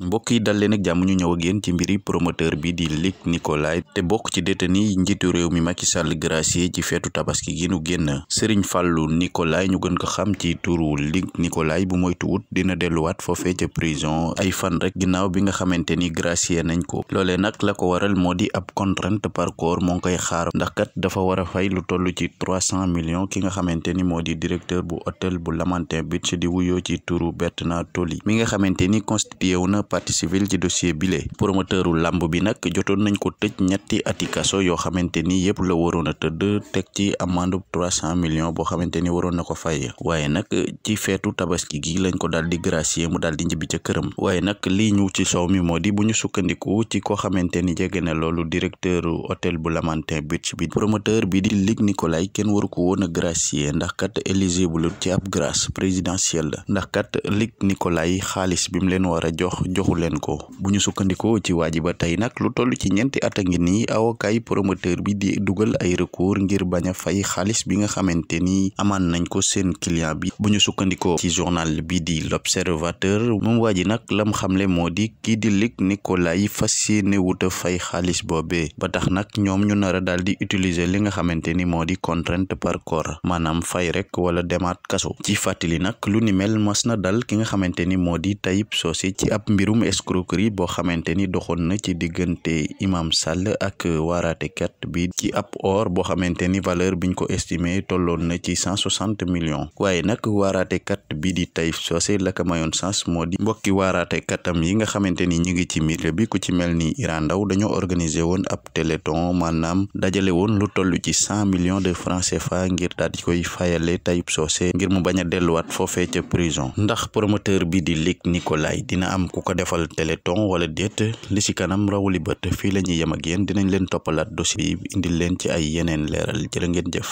mbokk yi dal leen ak jàmm ñu ñëw a yéen ci mbiri promoteur bi di Luc Nicolaï te bokk ci détenu njiitu réew mi Macky Sall gracié ci feetu tabaski ki nu génn Serigne Fallou Nicolaï ñu gën ko xam ci turu Luc Nicolaï bu moytuwut dina delluwaat foofee ca prison ay fan rek ginnaaw bi nga xamante ni gracié nañ ko loolee nag la ko waral moo di ab contrainte par corps moo ngi koy xaar ndax kat dafa war a fay lu toll ci trois cent millions ki nga xamante ni moo di directeur bu hôtel bu Lamantin Beach di wuyoo ci turu Bertrand Toli mi nga xamante ni constitué wu na partie civile ci dossier bile promoteuru làmb bi nag jotoon nañ ko tëj ñetti ati kaso yoo xamante ni yëpp la waroon a tëdd teg ci amande trois cent millions boo xamante ni waroon na ko fay waaye nag ci feetu tabaski gi lañ ko daal di gracier mu daal di njibbi ca këram waaye nag lii ñu ci soow mi moo di bu ñu sukkandiku ci koo xamante ni jege na loolu directeur hôtel bu Lamantin Beach bi promoteur bi di Luc Nicolaï kenn waru ko woon a gracier ndax kat éligible ci ab grâce la ndax kat Luc Nicolaï xaalis bi mu war a jox joxu leen ko bu ñu sukkandikoo ci waa ji ba tey nag lu toll ci ñeenti at a ngi nii awokaay promoteur bi di dugal ay recours ngir bañ a fay xaalis bi nga xamante ni amaan nañ ko seen client bi bu ñu sukkandikoo ci journal bi di l'observateur moom waa ji nag lam xamle moo di kii di Luc Nicolaï fas ne wuta fay xaalis boobee ba tax nag ñoom ñu nar a daal di utiliser li nga xamante ni moo di contrainte par corps maanaam fay rek wala demaat kaso ci fàttali nag lu ni mel ki nga xamante ni mbirum escroquerie boo xamante ni doxoon na ci diggante Imam Sall ak waaraatekat bi ci ab or boo xamante ni valeur biñ ko estimé tolloon na ci cent soixante millions waaye nag waaraatekat bi di Taïf Socé la ko mayoon sens moo di mbokki waaraatekattam yi nga xamante ni ñu ngi ci milieu bi ku ci mel ni Iran Ndaw dañoo organiser woon ab téléthon maanaam dajale woon lu toll ci cent millions de francs fa ngir daal di koy fayale Taïf Socé ngir mu baña a delluwaat foofee ca prison ndax promoteur bi ko defal téléthon wala déet li ci kanam rawuli bët fii la ñuy yem ak yéen dinañ leen toppalaat dossier yi indil leen ci ay yeneen leeral jërë ngeen jëf